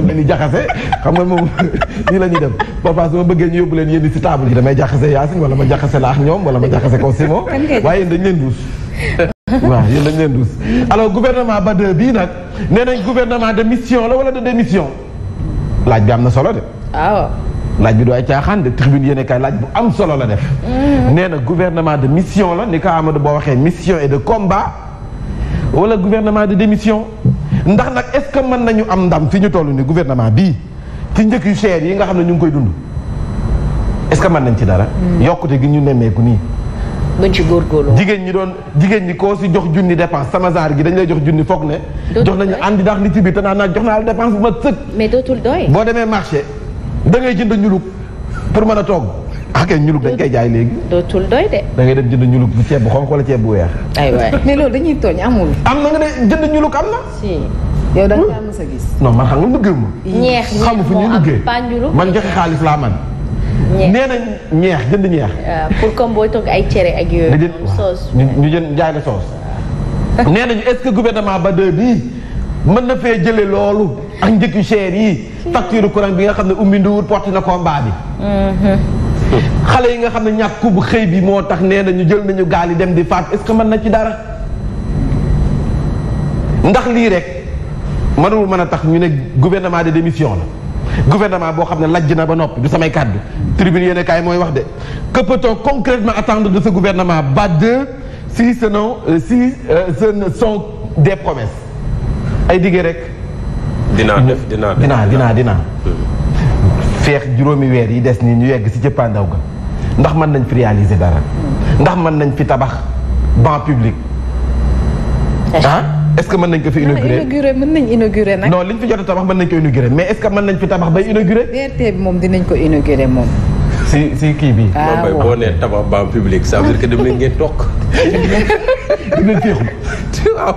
daf leen di jaxase xam nga moom nii la ñuy def papa su ma bëggee ñu yóbbu leen yéen si table ji damay jaxase Yacine wala ma jaxase la ak ñoom wala ma jaxase ko Simon waaye yéen dañ leen duus waaw dañ leen duus alors gouvernement ba de bii nag nee nañ gouvernement de mission la wala de démission laaj bi am na solo de waaw ah. laaj bi du ay caaxaan de tribune yéen kay laaj bu am solo la def mm. nee na gouvernement de mission la ni ko Amadou boo waxee mission et de combat wala gouvernement de démission ndax nag est-ce que mën nañu am ndam fi ñu toll nii gouvernement bii ci njëkk yu cher yi nga xam ne ñu ngi koy dund est-ce que mën nañ ci dara. Hmm. yokkute gi ñu nemmeeku nii. bañ ci góorgóorlu jigéen ñi doon jigéen ñi koo si jox junni dépense sama saar gi dañ lay jox junni foog ne. jox nañu àndi ndax li bi biir te jox naa la dépense bu ma sëkk. mais dootul doy. boo demee marché da ngay jënd ñuluk pour mën a toog ah kay ñuluk koy jaay léegi. dootul doy de. da ngay bu ceeb bu xonk wala bu weex. aywaay dañuy tooñ am ne jënd am na. si yow da nga mës a gis. non man xam nga liggéey ma. ñeex ñeex man joxe xaalis laa man. ñeex ñeex jënd ñeex. Ah, pour comme booy togg ay cere ak yooyu. dañuy ñu jënd jaay la soos. nee nañu est que gouvernement ba deux bii mën na fee jëlee loolu ak njëkk yu cher yi hmm. facture courant bi nga xam ne umbi nduwul porte na combat bi mm-hmm. xale yi nga xam ne bu xëy bi moo tax nee na ñu jël nañu gaal yi dem di faat est-ce que man na ci dara ndax lii rek mënul mën a tax ñu ne gouvernement de démission la gouvernement boo xam ne lajj na ba noppi du samay kàddu tribune yéen kaay mooy wax de que peut-on concrètement attendre de ce gouvernement ba deux si ce non euh, si euh, ce ne sont des promesses ay diggé rek. dinaa def dinaa dinaa dinaa dinaa. Hmm. feex juróomi weer yi des ni ñu yegg ci cëppaandaw ga ndax mën nañ fi réaliser dara ndax mën nañ fi tabax banc public eh. ah est mën nañ ko fi a tabax mën nañ ko inaugurer mais est-ce que mën nañ fi tabax bay moom dinañ ko inaugurer moom si si kii bi bay ah, boo nee tabax banc public ça veut dire que dem leen ngeen toog dinañ féexu waaw ah.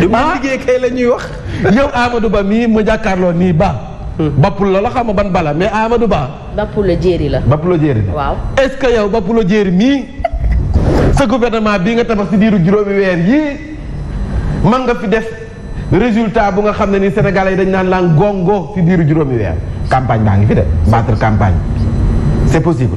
du ma liggéey kay la wax yow Amadou Ba mii mu jàkkaarloo nii ba Hmm. bappul la la xam ban bala mais Amadou Ba. bappul la jéeri la. bappul la jéeri la waaw. est ce que yow bappul la mii sa gouvernement bii nga tabax si diiru juróomi weer yii mën nga fi def résultat bu nga xam ne ni Sénégalais yi dañ naan laan gongo si diiru juróomi weer campagne baa ngi fi de battre campagne c'est possible.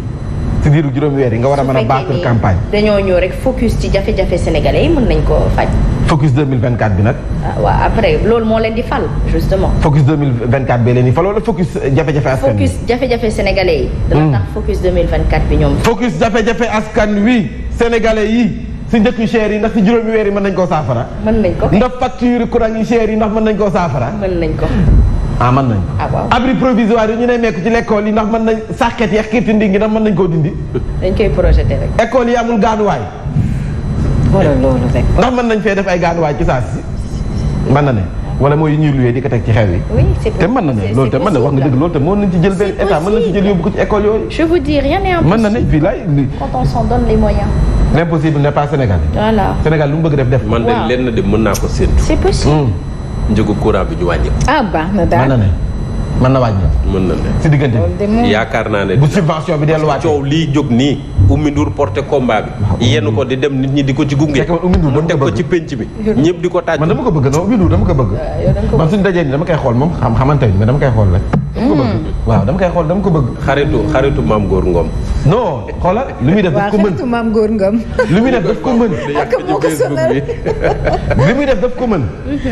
si diiru juróomi weer yi nga war a mën a battre campagne. dañoo ñëw rek focus ci jafe-jafe sénégalais yi mën nañ ko faj. focus 2024 bi nag. ah waaw après loolu moo leen di fal justement. focus 2024 bi leen di fal wala focus euh, jafe-jafe askan wi. focus yi. Hmm. bi ñoom. focus jafe-jafe askan wi sénégalais yi. si njëkk yu cher yi ndax si juróomi weer yi mën nañ koo saafara. mën nañ ko ndax facture courant yi cher yi ndax mën nañ koo saafara. mën nañ ko. ah mën nañ ko. Ah, waaw abri provisoire yi ñu ne mekk ci l'école yi ndax mën nañ sàkket yeex kiirti ndi ngi ndax mën koo dindi. dañ koy projeté rek. école yi amul gaanuwaay wala loolu rek. ndax mën nañ fee def ay gaanuwaay ci saa si mën na ne wala mooy yu ñuy luyee di ko teg ci xew yi. te mën na ne loolu te man na wax nga dëgg loolu te mën nañ ci jël benn état mën nañ ko ci école yooyu. je impossible. na ne fii laay li. quand on s'en donne les moyens. l'impossible pas Sénégal. Sénégal lu mu bëgg def def. man de lenn de mën naa ko séntu. c'est possible. Hmm. njëgu courant bi ñu wàññi. ah baax na daal mën na ne. mën na wàññi. mën na ne si diggante bi. yaakaar naa ne bu subvention bi delluwaat. coow lii jóg nii. Oumy Ndour porté combat bi. yenn ko di dem nit ñi di ko ci gunge. mu teg ko ci penc bi. ñëpp di ko taaj. man dama ko bëgg non Oumy Ndour dama ko bëgg. man suñu dajee nii dama koy xool moom xam xamante ne mais dama koy xool rek. dama ko hmm. waaw dama koy xool dam ko bëgg. xaritu xaritu maam góor ngoom. non xoolal lu muy def daf ko mën waaw xaritu maam góor ngoom. lu muy def daf ko mën. ak moo ko sonal def ko mën.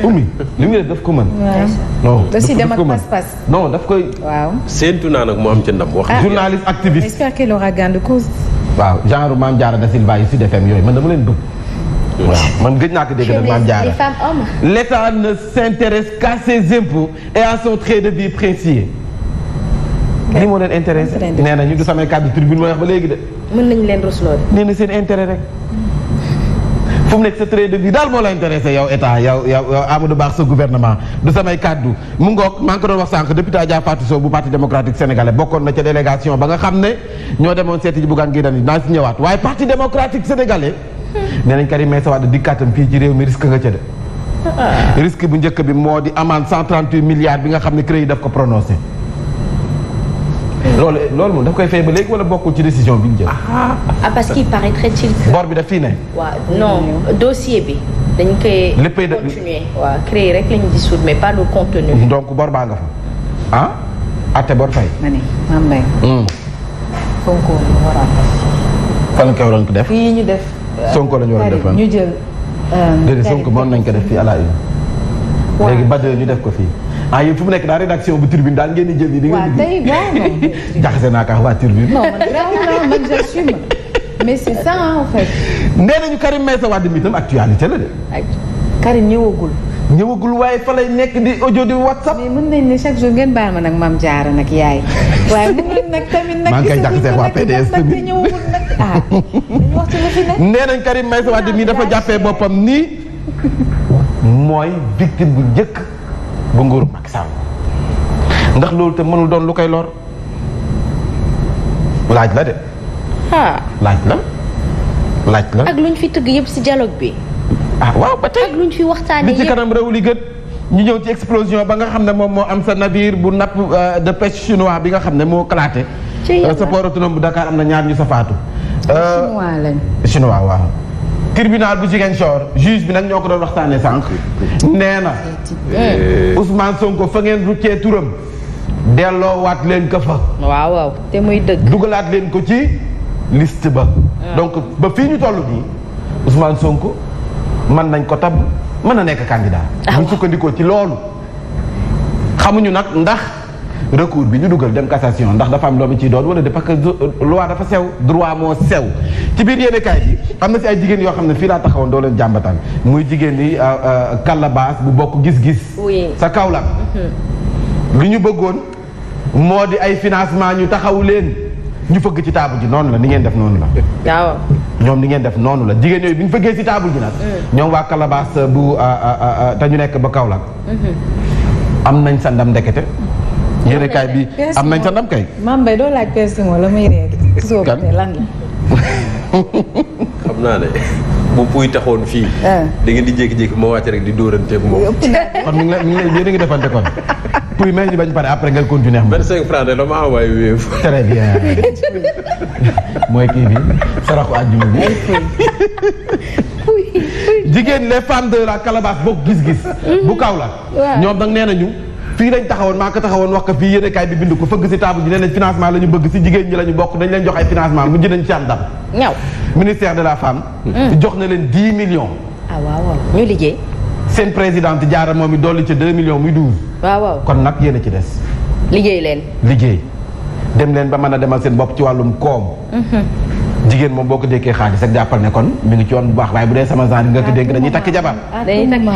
ummi li muy def daf ko mën. Mhm. non daf ko dem ak pas-pas. non daf koy. waaw séentu naa nag mu am ci ndam wax. Ah. journaliste activiste. j'espère qu'elle aura gain de cause. waaw genre maam Diarra da Silva yi Sud FM yooyu man dama leen bëgg. waaw man gëj naa ko dégg na ñu du ma wax ba léegi de. mën nañu leen rusloo de. nee na seen intérêt rek. fu mu nekk sa train de vie daal moo la intéressé yow état yow yow Amadou Ba sa gouvernement du samay kàddu mu ngoog maa ngi ko doon wax sànq député Adja Fatou Sow bu parti démocratique sénégalais bokkoon na ca délégation ba nga xam ne ñoo demoon seeti ji Bougane Gueye Dany naa si ñëwaat waaye parti démocratique sénégalais. nee nañ Karim Meïssa Wade dikkaatam fii ci réew mi risque nga ca de. Ah. risque bu njëkk bi moo di amende 138 milliards bi nga xam ne CREI daf ko prononcé. loolu loolu moom daf koy fay ba léegi wala bokkul ci décision bi ñu jël. ah parce bi daf fii ne. waaw non dossier bi. dañ koy. léppay rek lañu di suut mais pas le contenu. donc bor baa nga fa ah. atte bor fay. Sonko la ñu war a ñu jël. Euh, déedéet Sonko mën nañ ko def fii à la une. léegi ñu def ko fii. ah yéen fu mu nekk daal rédaction bu Tribune daal ngeen di jël. di ngeen di waaw jaxase naa kaa waa Tribune. non man vraiment man j'assume mais c'est ça en fait. nee nañu Karim Meïssa Wade mi tam actualité la de. Karim ñëwagul. ñëwagul waaye fa lay nekk di ojo di whatsapp. mais mën nañ ne chaque jour ngeen baal ma nag maam jaara nag yaay. waaye mën nag tamit nag. maa ngi tamit nag ah. wax ci lu fi nekk. nee nañ Karim Meïssa mii dafa jàppee boppam ni mooy victime bu njëkk bu nguur Macky Sall ndax loolu te mënul doon lu koy lor laaj la de. ah laaj la laaj la. ak luñ fi tëgg yëpp ci dialogue bi. ah waaw ba tey luñ fi waxtaanee li ci kanam réew li gët ñu ñëw ci explosion ba nga xam ne moom moo am sa navire bu napp euh, de pêche chinois bi nga xam ne moo éclaté. Euh, sa port autonome bu Dakar am na ñaar ñu sa faatu. Euh, chinois lañ. chinois waaw. tribunal bu Ziguinchor juge bi nag ñoo ko doon waxtaanee sànq. nee na eh. Ousmane Sonko fa ngeen ruccee turam. delloowaat leen ko fa. waaw waaw te muy dëgg. dugalaat leen ko ci liste ba. Ah. donc ba fii ñu toll nii Ousmane Sonko. man nañ ko tab mën a nekk candidat. Ah buñ sukkandikoo ci loolu. xamuñu nag ndax recours bi ñu dugal dem cassation ndax dafa am loolu ciy doon wala de parce que euh, loi dafa sew droit moo sew. ci biir yéene kaay am na si ay jigéen yoo xam ne fii laa taxawoon doo leen jàmbataan muy jigéen yi euh, euh, kalabaas bu bokk gis-gis. sa kaw la mhm. li ñu bëggoon moo di ay financement ñu taxaw leen ñu fëgg ci taabu ji noonu la ni ngeen def noonu la. ñoom li ngeen def noonu la jigéen yooyu bi ñu fëggee ci table bi nag. Mm. ñoom waa Calabas bu ah, ah, ah, te ñu nekk ba kaw la mm-hmm. am nañ sa ndam ndekete. yéen kaay bi am nañ sa ndam kay. maam Mbaye doo laaj la muy réer. kan xam naa de. bu puy taxoon fii. Ah. da ngeen di jékki-jékki ma wàcc rek di dóoranteeg moom. kon mi ngi lay mi defante kon. puy may ñu bañ pare après nga continuer xam. 25 francs de mooy kii bi saraxu àjjuma bi. jigéen les femmes de la calebasse bokk gis-gis. bu kaw la. ñoom nag nee nañu. fii lañ taxawoon maa ko taxawoon wax ko fii yéene bi bind ko fëgg si table ji ne leen financement la ñu bëgg si jigéen ñi la ñu bokk dañ leen jox financement mujj nañ ci am ñaw ministère de la femme hmm. jox na leen 10 millions ah waaw waaw ñu liggéey seen présidente jaara moom i dolli ca 2 millions muy 12 waaw waaw kon nag yéen a ci des liggéey leen liggéey dem leen ba mën a demal seen bopp ci wàllum koom hmm, hmm. jigéen moom boo ko dénkee xaalis rek jàppal ne kon mi ngi ci yoon bu baax waaye bu dee sama genre nga ko dénk dañuy takk jabar ah, dañuy takk ñoom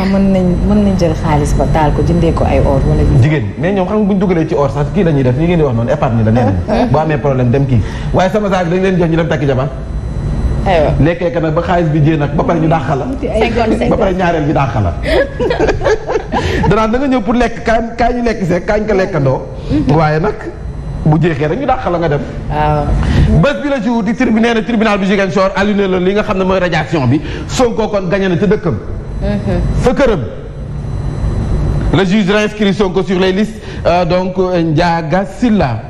xam nga bu ñu dugalee ci or sax kii la ñuy def li ngeen di wax noonu épargne la nee nañ boo amee bi jee nag ba pare ñu dàq la ba pare ñaareel bi dàq la danaan da nga ñëw pour lekk kaay kaay ñu lekk see kaay ñu ko lekkandoo mm-hmm. waaye nag bu jeexee rek ñu dàq la nga dem. waaw bés bi la jour di tribunal bi na tribunal bu la li nga xam ne mooy radiation bi Sonko kon gagné na ca dëkkam. sa mm-hmm. këram. le juge réinscrit Sonko sur les listes euh, donc euh, Ndiaga Silla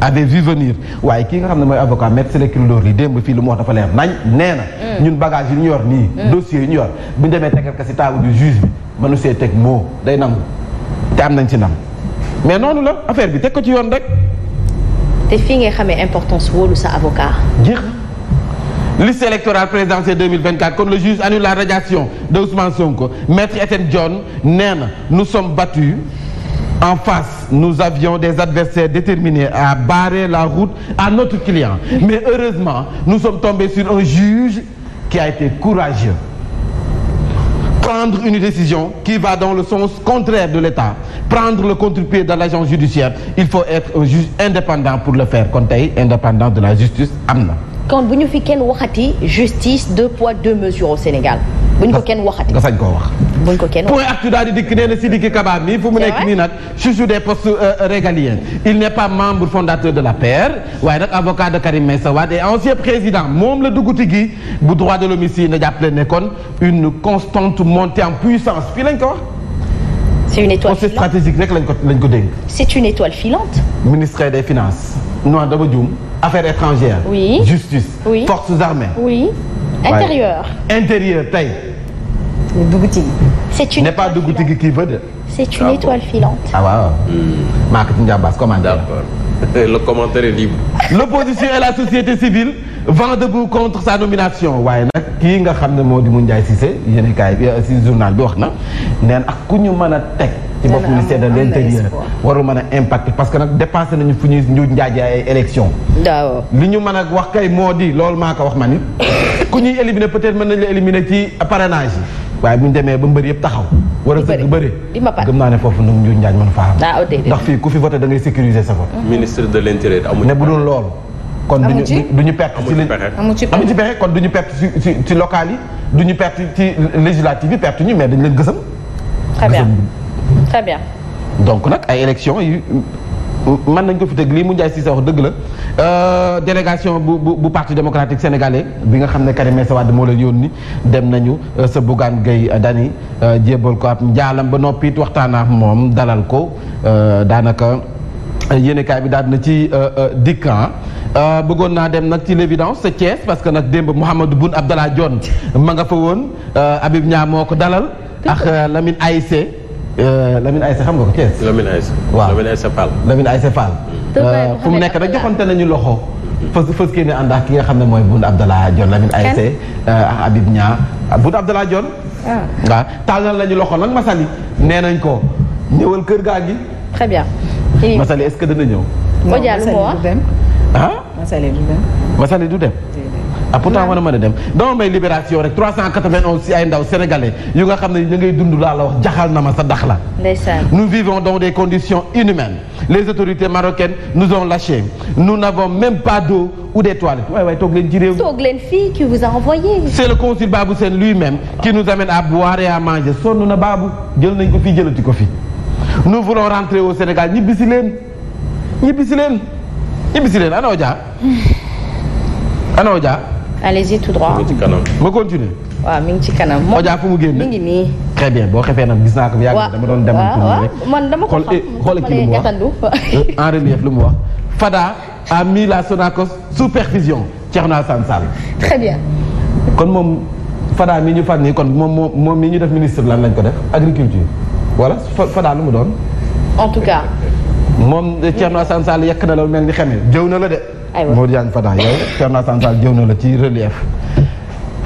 avait vu venir waaye kii nga xam ne mooy avocat maître Ciré Clédor Ly démb fii lu mu wax dafa leer nañ nee na. Mm. ñun bagage yi ñu yor nii. Mm. dossiers yi ñu yor bu ñu demee tegal ko si table du juge bi mënu see teg moo day nangu te am nañ ci ndam mais noonu la bi teg ci yoon rek. te fii ngay xamee importance wóolu sa avocat. jeex liste électorale présidentielle 2024 kon le juge annule la radiation de Ousmane Sonko maître Etienne John nee na nous sommes battus. en face nous avions des adversaires déterminés à barrer la route à notre client mais heureusement nous sommes tombés sur un a été prendre une décision qui va dans le sens contraire de l'État prendre le contre-pied de l'agence judiciaire il faut être un juge indépendant pour le faire kon tey indépendant de la justice am na. kon bu ñu fi kenn waxati justice deux poids deux mesures au Sénégal. buñ ko kenn waxati nga sañ koo wax. buñ ko kenn wax point actu daal di dikk nee na Sidiki Kaba mi fu mu nekk nii nag. je suis des postes euh, régaliens il n' est pas membre fondateur de l'APR waaye nag avocat de Karim Meïssa Wade et ancien président moom la bu droit de l'homme ici na ne constante montée en puissance filante stratégique rek lañ ko lañ ko dégg. c'est une étoile filante. des finances. non de juum. affaires étrangères. oui justice. forces armées. intérieur. intérieur tey. ñu dugg ci. c'est une n'est pas dugg ci kii veut de. c'est une ah, étoile filante. ah waaw. Hmm. Marketing Ndiabas commentaire. d'accord le l'opposition et la société civile vont debout contre sa nomination waaye nag kii nga xam ne moo di mu Cissé si kaay bi euh, si journal bi wax na neen ak ku ñu mën a teg. ci bopp ministère de l'intérieur warul mën a impacté parce que nag dépassé nañu fu ñuy ñu njaaje ay élection li ñu mën a wax kay moo di loolu maa ko wax ma ni ku ñuy éliminer peut-être mën nañu la éliminer ci parrainage waaye bu ñu demee ba bëri yëpp taxaw. war a sëgg bëri gëm naa ne foofu nag njuuñ njaaj mën faa am. Ah, ndax fii ku fi voté da ngay sécuriser sa vote. Mm-hmm. ministre de l'intérieur amu ne bu dul loolu. kon duñu duñu perte ci amu ci pexe kon duñu perte ci ci ci local yi duñu perte ci législative yi perte ñu mais dañ leen gësam. très bien très donc nag ay élections yi mën nañ ko fi teg lii mu Ndiaye Cissé wax dëgg la euh, délégation bu bu bu parti démocratique sénégalais bi nga xam ne Karim Meïssa Wade moo leen yónni dem nañu euh, sa Bougane Gueye euh, Dany jébbal ko ab njaalam ba noppi it waxtaan ak moom dalal ko daanaka yéenekaay bi daal na ci dikkan ah. bëggoon naa dem nag ci l'évidence sa Thiès parce que nag démb Mouhamadou Boun Abdallah Dionne ma nga fa woon Habib Niang moo ko dalal ak Lamine Aissé Euh, Lamine Aïssa xam nga ko Thiès. Lamine Aïssa. waaw Lamine Aïssa Fall. Lamine Aïssa Fall. Euh, fu mu nekk rek joxante nañu loxo. fës fës kee ne ànd ak ki nga xam ne mooy Boun Abdallah Dionne Lamine Aïssa euh, ak Habib Niang ah, Boun Abdallah Dionne. Ah. waaw tàllal nañu loxo nag Massaly nee nañ ko ñëwal kër gaa gi. très bien. Massaly est-ce que dana ñëw. Massaly du dem. ah Massaly du dem. Massaly du dem. ah pourtant war a mën a dem dama may libération rek 391 si ay ndaw sénégalais yu nga xam ne ñu ngay dund laa la wax jaxal na ma sa dax la nous vivons dans des conditions inhumaines les autorités marocaines nous ont lâchés nous n'avons même pas d'eau ou des toilettes waay waay toog leen ci réew toog leen fii qui vous a envoyé c'est le consul Babou Sène lui-même qui nous amène à boire et manger sonn na Babou jël nañ ko ko fi nous voulons rentrer au Sénégal ñibbisi leen ñibbisi leen ñibbisi allez-y tout droit. ma continuer. waaw mi ngi ci kanam. moom Oja fu mu génn très bien boo xefee nag gis naa ko yàgg dama doon dem. rek man dama ko xam eh, xool kii lu mu wax eh, en relief lu mu wax. Fada a mis la Sonacos sous perfusion Thierno Alassane Sall. très bien. kon moom Fada mi ñu far nii kon moom moom mi ñu def ministre lan lañ ko def agriculture voilà Fada lu mu doon. en tout cas. moom eh, Thierno Alassane Sall yekk na la mel ni xamee jëw na la de. aywa Modou Diagne Fada yow Thierno Alassane Sall jëw na la ci relief.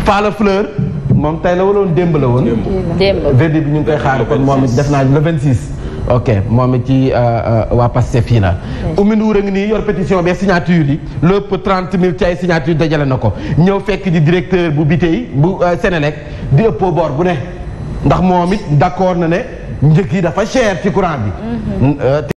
Fala Fleur moom tey la waloon démb la woon. démb verdict bi ñu ngi koy xaar kon moom it def naa le 26. ok moom it ci euh, euh, waa Pastef yi la. Oumy Ndour a ngi nii yor pétition bi signature yi lépp trent mille ci ay signature dajale na ko ñëw fekk ji directeur bu Bitey bu euh, Sénélec di ëppoo boor bu ne ndax moom it d'accord na ne njëg yi dafa cher ci courant bi. Mm-hmm.